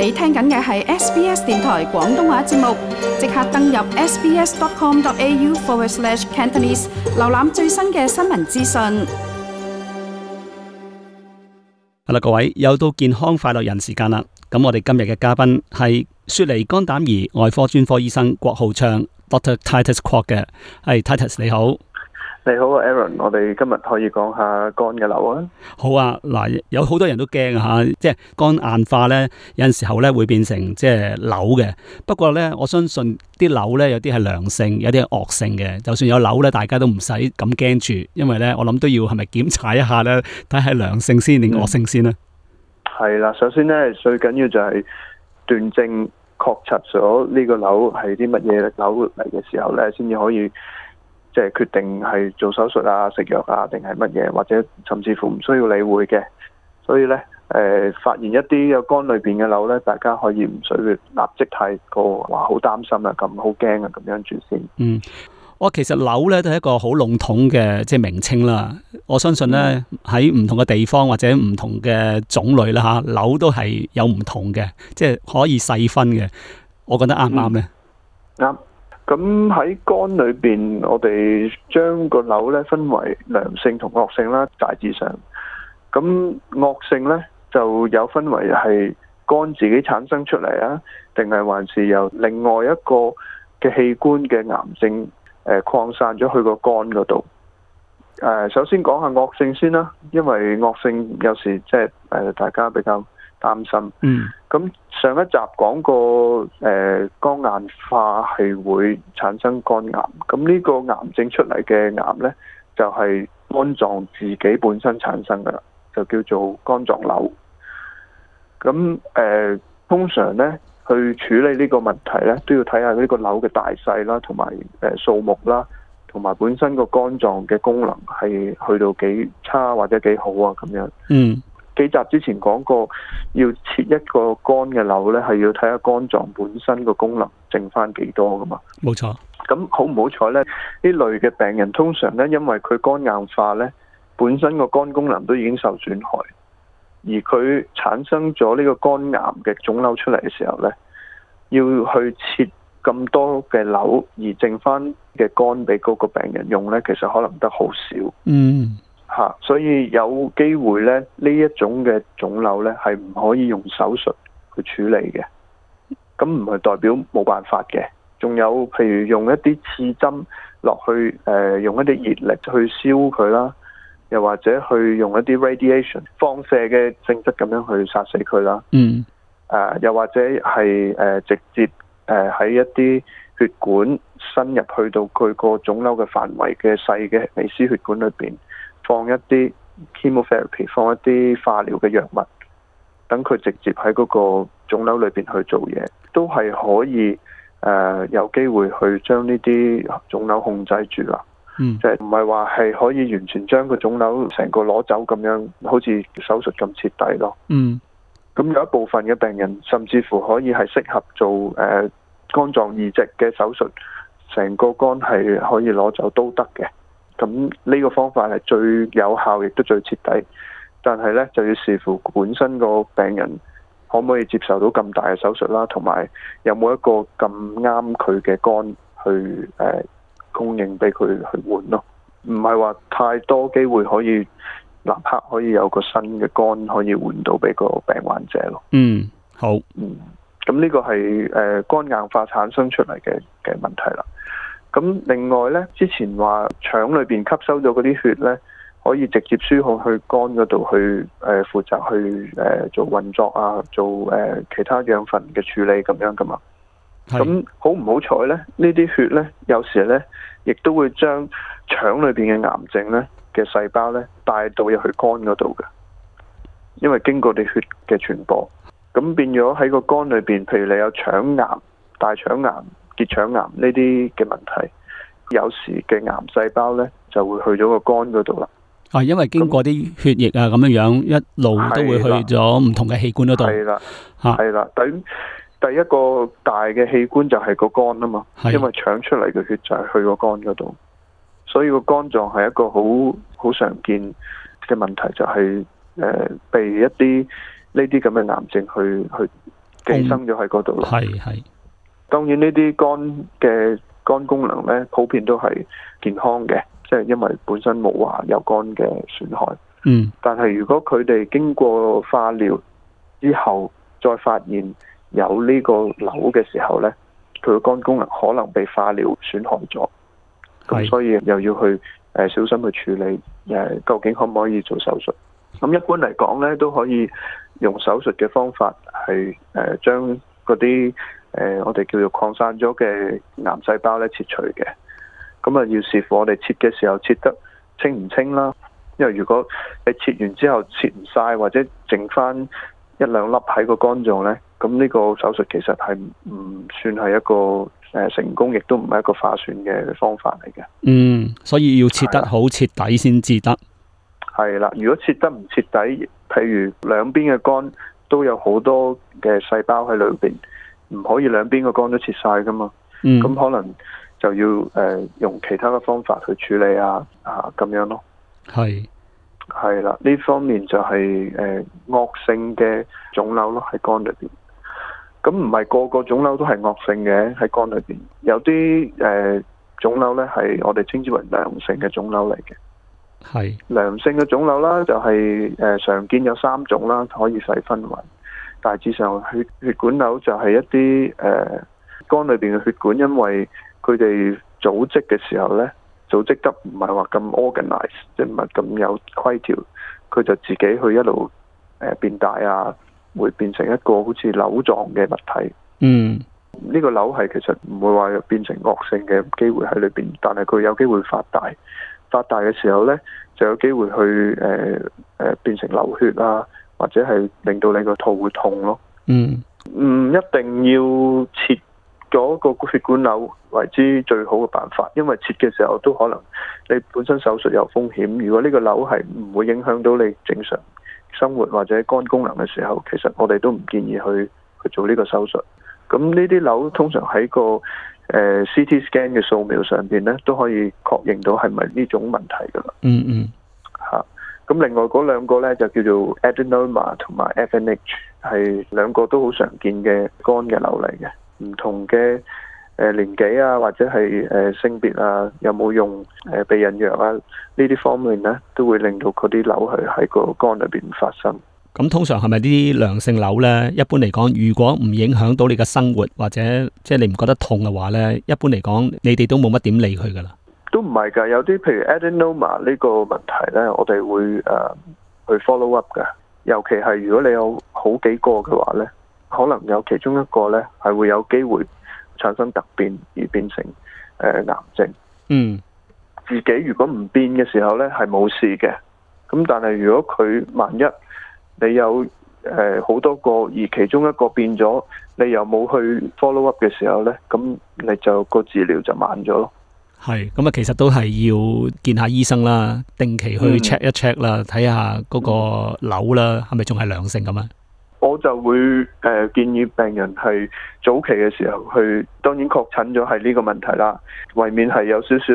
你聽緊嘅係 SBS 電台廣東話節目，即刻登入 sbs.com.au/cantonese an 瀏覽最新嘅新聞資訊。係啦，各位又到健康快樂人時間啦！咁我哋今日嘅嘉賓係雪梨肝膽兒外科專科醫生郭浩暢 Doctor Titus Croc 嘅，係、hey, Titus 你好。你好，Aaron，我哋今日可以講下肝嘅瘤啊。好啊，嗱，有好多人都驚啊，吓，即係肝硬化咧，有陣時候咧會變成即係瘤嘅。不過咧，我相信啲瘤咧有啲係良性，有啲係惡性嘅。就算有瘤咧，大家都唔使咁驚住，因為咧，我諗都要係咪檢查一下咧，睇下係良性先定惡性先啊。係啦、嗯，首先咧，最緊要就係斷症確察咗呢個瘤係啲乜嘢瘤嚟嘅時候咧，先至可以。即係決定係做手術啊、食藥啊，定係乜嘢，或者甚至乎唔需要理會嘅。所以咧，誒、呃，發現一啲有肝裏邊嘅瘤咧，大家可以唔需要立即太過話好擔心啊，咁好驚啊，咁樣住先。嗯，我其實瘤咧都係一個好籠統嘅即係名稱啦。我相信咧喺唔同嘅地方或者唔同嘅種類啦，吓，瘤都係有唔同嘅，即係可以細分嘅。我覺得啱唔啱咧？啱、嗯。嗯咁喺肝裏邊，我哋將個瘤咧分為良性同惡性啦，大致上。咁惡性咧就有分為係肝自己產生出嚟啊，定係還是由另外一個嘅器官嘅癌症誒、呃、擴散咗去個肝嗰度？誒、呃，首先講下惡性先啦，因為惡性有時即係誒大家比較擔心。嗯。咁上一集講過，誒、呃，肝硬化係會產生肝癌。咁呢個癌症出嚟嘅癌呢，就係、是、肝臟自己本身產生噶啦，就叫做肝臟瘤。咁誒、呃，通常呢，去處理呢個問題呢，都要睇下呢個瘤嘅大細啦，同埋誒數目啦，同埋本身個肝臟嘅功能係去到幾差或者幾好啊，咁樣。嗯。幾集之前講過，要切一個肝嘅瘤，呢係要睇下肝臟本身個功能，剩翻幾多㗎嘛。冇錯。咁好唔好彩呢？呢類嘅病人通常呢，因為佢肝硬化呢，本身個肝功能都已經受損害，而佢產生咗呢個肝癌嘅腫瘤出嚟嘅時候呢，要去切咁多嘅瘤，而剩翻嘅肝俾嗰個病人用呢，其實可能得好少。嗯。所以有機會咧，呢一種嘅腫瘤咧，係唔可以用手術去處理嘅。咁唔係代表冇辦法嘅。仲有譬如用一啲刺針落去，誒、呃、用一啲熱力去燒佢啦，又或者去用一啲 radiation 放射嘅性質咁樣去殺死佢啦。嗯、呃。又或者係誒、呃、直接喺一啲血管伸入去到佢個腫瘤嘅範圍嘅細嘅微絲血管裏邊。放一啲 chemotherapy，放一啲化療嘅藥物，等佢直接喺嗰個腫瘤裏邊去做嘢，都係可以誒、呃、有機會去將呢啲腫瘤控制住啦。嗯，就係唔係話係可以完全將個腫瘤成個攞走咁樣，好似手術咁徹底咯。嗯，咁有一部分嘅病人甚至乎可以係適合做誒、呃、肝臟移植嘅手術，成個肝係可以攞走都得嘅。咁呢個方法係最有效，亦都最徹底。但係呢，就要視乎本身個病人可唔可以接受到咁大嘅手術啦，同埋有冇一個咁啱佢嘅肝去、呃、供應俾佢去換咯。唔係話太多機會可以立刻可以有個新嘅肝可以換到俾個病患者咯。嗯，好。嗯，咁呢個係、呃、肝硬化產生出嚟嘅嘅問題啦。咁另外呢，之前話腸裏邊吸收咗嗰啲血呢，可以直接輸血去肝嗰度去，誒、呃、負責去，誒、呃、做運作啊，做誒、呃、其他養分嘅處理咁樣噶嘛。咁好唔好彩呢？呢啲血呢，有時呢亦都會將腸裏邊嘅癌症呢嘅細胞呢帶到入去肝嗰度噶。因為經過你血嘅傳播，咁變咗喺個肝裏邊，譬如你有腸癌、大腸癌。結腸癌呢啲嘅問題，有時嘅癌細胞呢就會去咗個肝嗰度啦。啊，因為經過啲血液啊咁樣樣，那一路都會去咗唔同嘅器官嗰度。係啦的，吓係啦。等第一個大嘅器官就係個肝啊嘛，的因為腸出嚟嘅血就係去個肝嗰度，所以個肝臟係一個好好常見嘅問題，就係、是、誒被一啲呢啲咁嘅癌症去去寄生咗喺嗰度咯。係係、嗯。當然呢啲肝嘅肝功能咧，普遍都係健康嘅，即係因為本身冇話有肝嘅損害。嗯。但係如果佢哋經過化療之後，再發現有呢個瘤嘅時候咧，佢嘅肝功能可能被化療損害咗。係。咁所以又要去誒、呃、小心去處理誒、呃，究竟可唔可以做手術？咁一般嚟講咧，都可以用手術嘅方法係誒將嗰啲。呃誒、呃，我哋叫做擴散咗嘅癌細胞咧，切除嘅，咁啊，要視乎我哋切嘅時候切得清唔清啦。因為如果你切完之後切唔晒，或者剩翻一兩粒喺個肝臟呢，咁呢個手術其實係唔算係一個、呃、成功，亦都唔係一個划算嘅方法嚟嘅。嗯，所以要切得好徹底先至得。係啦，如果切得唔徹底，譬如兩邊嘅肝都有好多嘅細胞喺裏邊。唔可以兩邊個肝都切晒噶嘛，咁、嗯、可能就要誒、呃、用其他嘅方法去處理啊，啊咁樣咯，係，係啦，呢方面就係誒惡性嘅腫瘤咯，喺肝裏邊。咁唔係個個腫瘤都係惡性嘅，喺肝裏邊。有啲誒腫瘤咧係我哋稱之為良性嘅腫瘤嚟嘅，係良是性嘅腫瘤啦，就係、是、誒、呃、常見有三種啦，可以細分為。大致上，血血管瘤就係一啲誒、呃、肝裏邊嘅血管，因為佢哋組織嘅時候咧，組織得唔係話咁 organize 即係唔係咁有規條，佢就自己去一路誒變大啊，會變成一個好似瘤狀嘅物體。嗯，呢個瘤係其實唔會話變成惡性嘅機會喺裏邊，但係佢有機會發大，發大嘅時候呢，就有機會去誒誒、呃呃、變成流血啊。或者係令到你個肚會痛咯。嗯，唔一定要切嗰個血管瘤為之最好嘅辦法，因為切嘅時候都可能你本身手術有風險。如果呢個瘤係唔會影響到你正常生活或者肝功能嘅時候，其實我哋都唔建議去去做呢個手術。咁呢啲瘤通常喺個、呃、CT scan 嘅掃描上邊咧都可以確認到係咪呢種問題㗎啦、嗯。嗯嗯。咁另外嗰兩個咧就叫做 adenoma 同埋 FNH，係兩個都好常見嘅肝嘅瘤嚟嘅。唔同嘅誒年紀啊，或者係誒性別啊，有冇用誒避孕藥啊？呢啲方面咧，都會令到嗰啲瘤去喺個肝裏邊發生。咁通常係咪啲良性瘤咧？一般嚟講，如果唔影響到你嘅生活，或者即係你唔覺得痛嘅話咧，一般嚟講，你哋都冇乜點理佢㗎喇。都唔係㗎，有啲譬如 adenoma 呢個問題呢，我哋會誒、呃、去 follow up 嘅。尤其係如果你有好幾個嘅話呢，可能有其中一個呢係會有機會產生突變而變成癌症。呃、嗯，自己如果唔變嘅時候呢係冇事嘅。咁但係如果佢萬一你有誒好、呃、多個，而其中一個變咗，你又冇去 follow up 嘅時候呢，咁你就、個治療就慢咗咯。係，咁啊，其實都係要見下醫生啦，定期去 check 一 check 啦，睇下嗰個瘤啦，係咪仲係良性咁啊？我就會誒、呃、建議病人係早期嘅時候去，當然確診咗係呢個問題啦，為免係有少少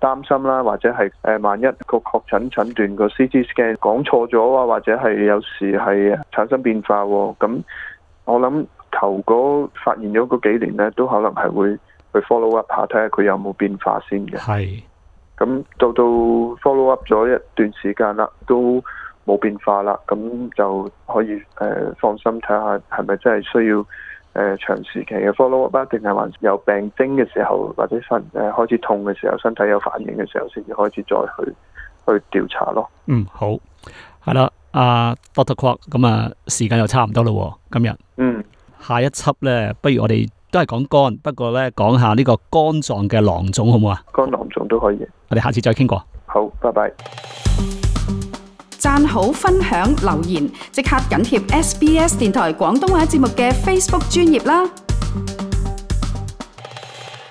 擔心啦，或者係誒、呃、萬一個確診診斷個 CT scan 講錯咗啊，或者係有時係產生變化，咁我諗頭嗰發現咗嗰幾年咧，都可能係會。去 follow up 下，睇下佢有冇變化先嘅。係，咁到到 follow up 咗一段時間啦，都冇變化啦，咁就可以誒、呃、放心睇下，係咪真係需要誒、呃、長時期嘅 follow up，一定係還是病徵嘅時候，或者身誒、呃、開始痛嘅時候，身體有反應嘅時候，先至開始再去去調查咯。嗯，好，係啦，阿 doctor Kwok，咁啊 Clark，時間又差唔多啦，今日。嗯。下一輯咧，不如我哋都係講肝，不過咧講下呢個肝臟嘅囊腫好唔好啊？肝囊腫都可以，我哋下次再傾過。好，拜拜。讚好、分享、留言，即刻緊貼 SBS 電台廣東話節目嘅 Facebook 專頁啦。